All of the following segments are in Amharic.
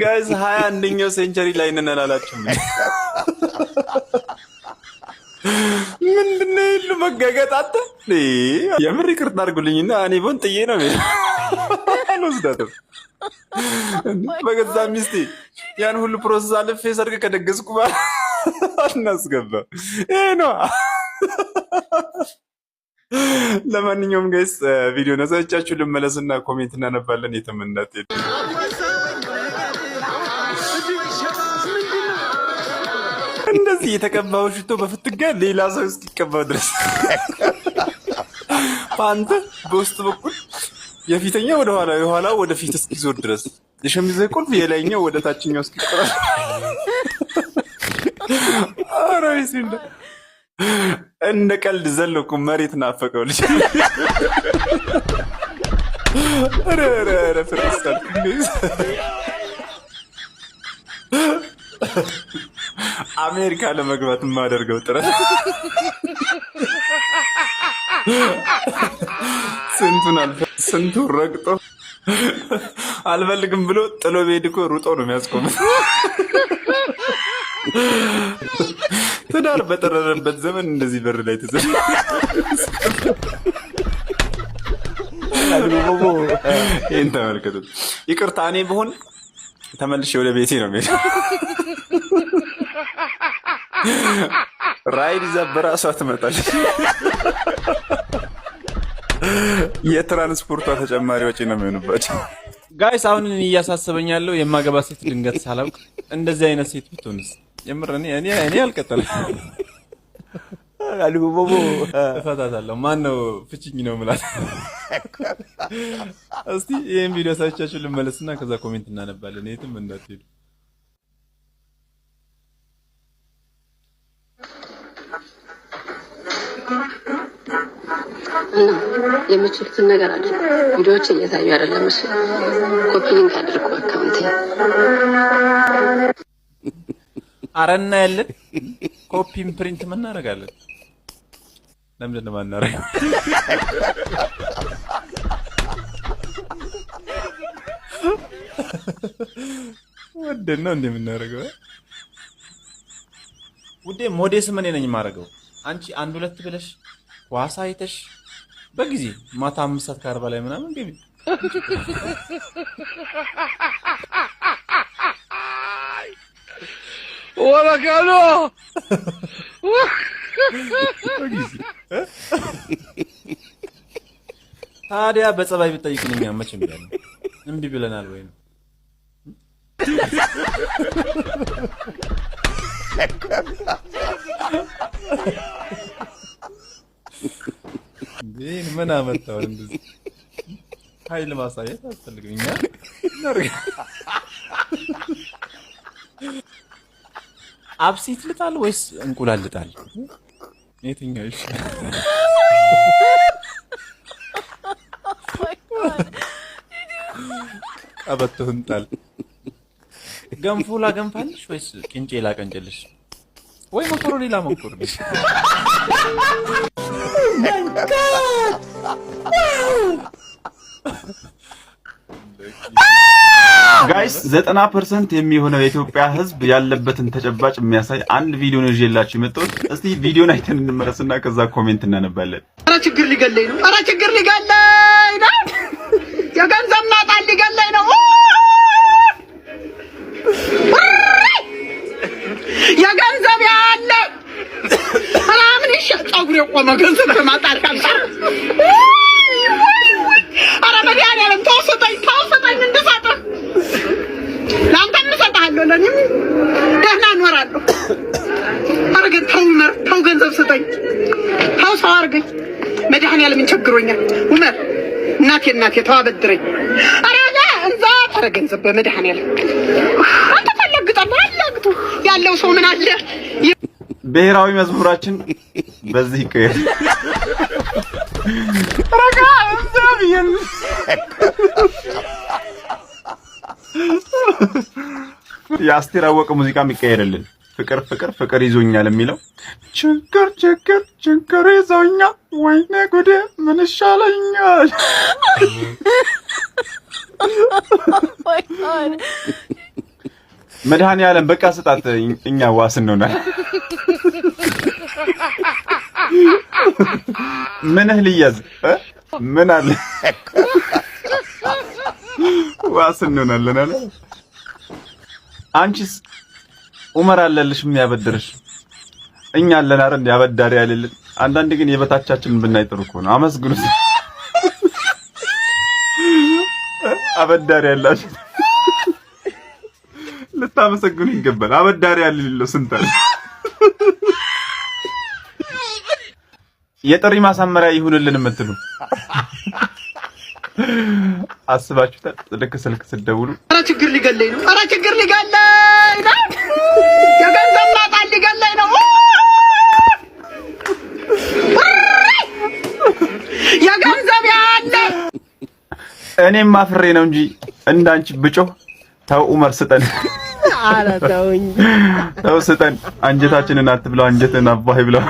ጋይዝ ሀያ አንደኛው ሴንቸሪ ላይ ነን አላችሁ? ምንድን ነው የምር ይቅርታ አድርጉልኝና እኔ ቦን ጥዬ ነው አልወስዳትም በገዛ ሚስቴ ያን ሁሉ ፕሮሰስ አልፌ ሰርግ ከደገስኩ በኋላ አናስገባ ይሄ ነዋ። ለማንኛውም ጋይስ ቪዲዮ ነዛቻችሁ ልመለስና ኮሜንት እናነባለን። የትምነት እንደዚህ የተቀባው ሽቶ በፍትጋ ሌላ ሰው እስኪቀባው ድረስ በአንተ በውስጥ በኩል የፊተኛ ወደኋላ የኋላ ወደፊት እስኪዞር ድረስ የሸሚዘ ቁልፍ የላይኛው ወደ ታችኛው እስኪቆራል። እንደ ቀልድ ዘለኩ መሬት ናፈቀው ልጅ አሜሪካ ለመግባት የማደርገው ጥረት ስንቱን ስንቱ ረግጦ አልፈልግም ብሎ ጥሎ ቤድ እኮ ሩጦ ነው የሚያስቆምት። ትዳር በጠረረበት ዘመን እንደዚህ በር ላይ ተዘ ይህን ተመልከቱት። ይቅርታ እኔ ብሆን ተመልሼ ወደ ቤቴ ነው የሚሄደው። ራይድ ይዛ በራሷ ትመጣለች። የትራንስፖርቷ ተጨማሪ ወጪ ነው የሚሆንባቸው። ጋይስ አሁን እያሳሰበኛለሁ የማገባ ሴት ድንገት ሳላውቅ እንደዚህ አይነት ሴት ብትሆንስ የምር እኔ እኔ እኔ አልቀጠልም አሉ ቦቦ እፈታታለሁ። ማን ነው ፍቺኝ ነው የምላት። እስቲ ይሄን ቪዲዮ ሳይቻችሁ ልመለስና ከዛ ኮሜንት እናነባለን። የትም እንዳትሄዱ። እና የምችሉትን ነገር አለ። ቪዲዮዎች እየታዩ አይደለም። እሺ ኮፒ ሊንክ አድርጉ አካውንቴ አረና ያለን ኮፒን ፕሪንት ምናደርጋለን። ለምንድን ነው የማናደርገው? ወደ ነው እንደ የምናደርገው። ውዴ ሞዴስም ነኝ የማደርገው። አንቺ አንድ ሁለት ብለሽ ዋሳ አይተሽ በጊዜ ማታ አምስት ሰዓት ከአርባ ላይ ምናምን ገቢ ወበካሎ ታዲያ በጸባይ ብጠይቅን እኛ መቼም ቢያለ እምቢ ብለናል። ወይ ነው ይህን ምን አመጣው? እንደዚህ ኃይል ማሳየት አያስፈልግም። እኛ አብሲት ልጣል ወይስ እንቁላል ልጣል? የትኛው ይሻላል? ቀበቶህን ጣል። ገንፎ ላገንፋልሽ ወይስ ቅንጬ ላቀንጭልሽ? ወይ መኮሮኒ ላመኮሮኒ? Oh ጋይስ ዘጠና ፐርሰንት የሚሆነው የኢትዮጵያ ሕዝብ ያለበትን ተጨባጭ የሚያሳይ አንድ ቪዲዮ ነው ይዤላችሁ የመጣሁት። እስቲ ቪዲዮን አይተን እንመለስና ከዛ ኮሜንት እናነባለን። ኧረ ችግር ሊገለኝ ነው! ኧረ ችግር ሊገለኝ ነው! የገንዘብ ናጣ ሊገለኝ ነው! የገንዘብ ያለ ኧረ ይሻ ፀጉር የቆመ ገንዘብ ይሻለናል የሚል ደህና እኖራለሁ። ኧረ ተው ኡመር፣ ተው ገንዘብ ስጠኝ፣ ተው ሰው አድርገኝ። መድኃኒዓለም እንቸግሮኛል ኡመር፣ እናቴ እናቴ ተው አበድረኝ። ኧረ እንዛ ኧረ ገንዘብ በመድኃኒዓለም አንተ ታላግጣለህ። አላግጡ ያለው ሰው ምን አለ። ብሔራዊ መዝሙራችን በዚህ ይቀየር። ረጋ እንዛ ብዬ የአስቴር አወቀ ሙዚቃም ይካሄድልን። ፍቅር ፍቅር ፍቅር ይዞኛል የሚለው ችግር ችግር ችግር ይዞኛል፣ ወይኔ ጉዴ ምን ይሻለኛል? መድኃኔ በቃ ስጣት፣ እኛ ዋስ እንሆናል። ምንህ ልያዝ ምን አለ ዋስ እንሆናለን አለ አንቺስ ዑመር አለልሽ የሚያበድርሽ እኛ አለን አይደል ያበዳሪ አይደል አንዳንድ ግን የበታቻችን ብናይ ጥሩ እኮ ነው አመስግኑት አበዳሪ ያላችሁ ልታመሰግኑ ይገባል አበዳሪ ያለሌለው ስንት አለ የጥሪ ማሳመሪያ ይሁንልን የምትሉ አስባችሁታል ልክ ስልክ ስትደውሉ ኧረ ችግር ሊገለኝ ነው ኧረ ችግር እኔም አፍሬ ነው እንጂ እንዳንቺ ብጮህ ተው ዑመር ስጠን፣ ተው እንጂ ስጠን። አንጀታችንን አትብላው፣ አንጀትን አባህ ይብላው።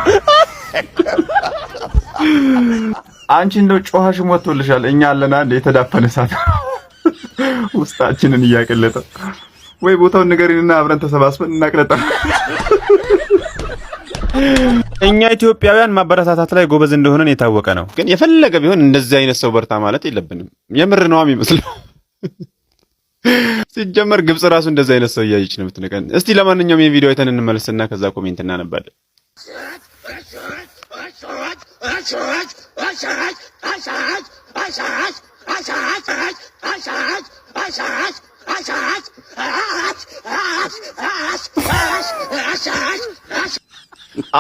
አንቺ እንደው ጮሃሽ ሞቶልሻል። እኛ አለና እንደ የተዳፈነ ሳት ውስጣችንን እያቀለጠ ወይ ቦታውን ንገሪንና አብረን ተሰባስበን እናቅለጣ እኛ ኢትዮጵያውያን ማበረታታት ላይ ጎበዝ እንደሆነን የታወቀ ነው። ግን የፈለገ ቢሆን እንደዚህ አይነት ሰው በርታ ማለት የለብንም። የምር ነዋ የሚመስለው። ሲጀመር ግብጽ ራሱ እንደዚህ አይነት ሰው እያየች ነው የምትንቀን። እስቲ ለማንኛውም የቪዲዮ አይተን እንመለስና ከዛ ኮሜንት እናነባለን።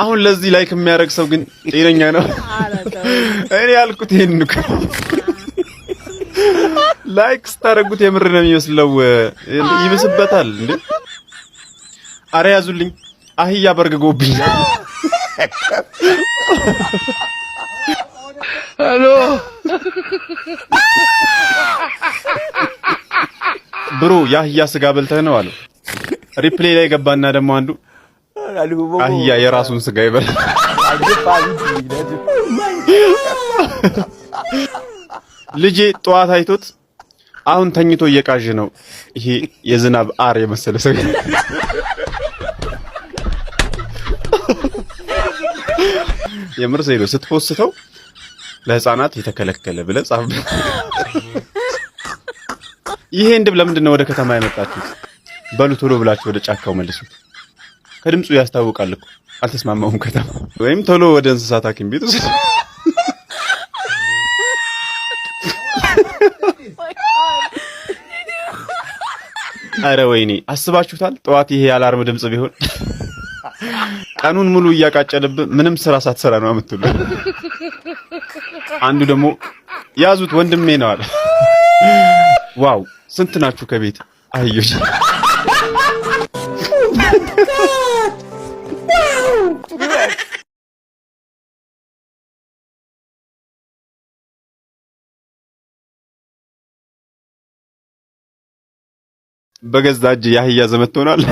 አሁን ለዚህ ላይክ የሚያደርግ ሰው ግን ጤነኛ ነው? እኔ ያልኩት ይሄን ነው። ላይክ ስታደርጉት የምር ነው የሚመስለው፣ ይብስበታል እንዴ። አረ ያዙልኝ፣ አህያ በርግጎብኝ። ሄሎ ብሮ፣ የአህያ ስጋ በልተህ ነው አለው። ሪፕሌይ ላይ ገባና ደግሞ አንዱ አህያ የራሱን ስጋ ይበላል። ልጄ ጠዋት አይቶት አሁን ተኝቶ እየቃዥ ነው። ይሄ የዝናብ አር የመሰለ ሰው የምር ሰው ስትፖስተው ለህፃናት የተከለከለ ብለ ጻፍ። ይሄ እንድብ ለምንድን ነው ወደ ከተማ ያመጣችሁት? በሉ ቶሎ ብላችሁ ወደ ጫካው መልሱት። ከድምፁ ያስታውቃል እኮ አልተስማማውም። ከተማ ወይም ቶሎ ወደ እንስሳት ሐኪም ቤት ውስጥ አረ ወይኔ አስባችሁታል? ጠዋት ይሄ የአላርም ድምፅ ቢሆን ቀኑን ሙሉ እያቃጨልብህ ምንም ስራ ሳትሰራ ነው የምትሉ። አንዱ ደግሞ ያዙት ወንድሜ ነው አለ። ዋው ስንት ናችሁ ከቤት አህዮች? Oh God! በገዛ እጅ የአህያ ዘመት ትሆናል።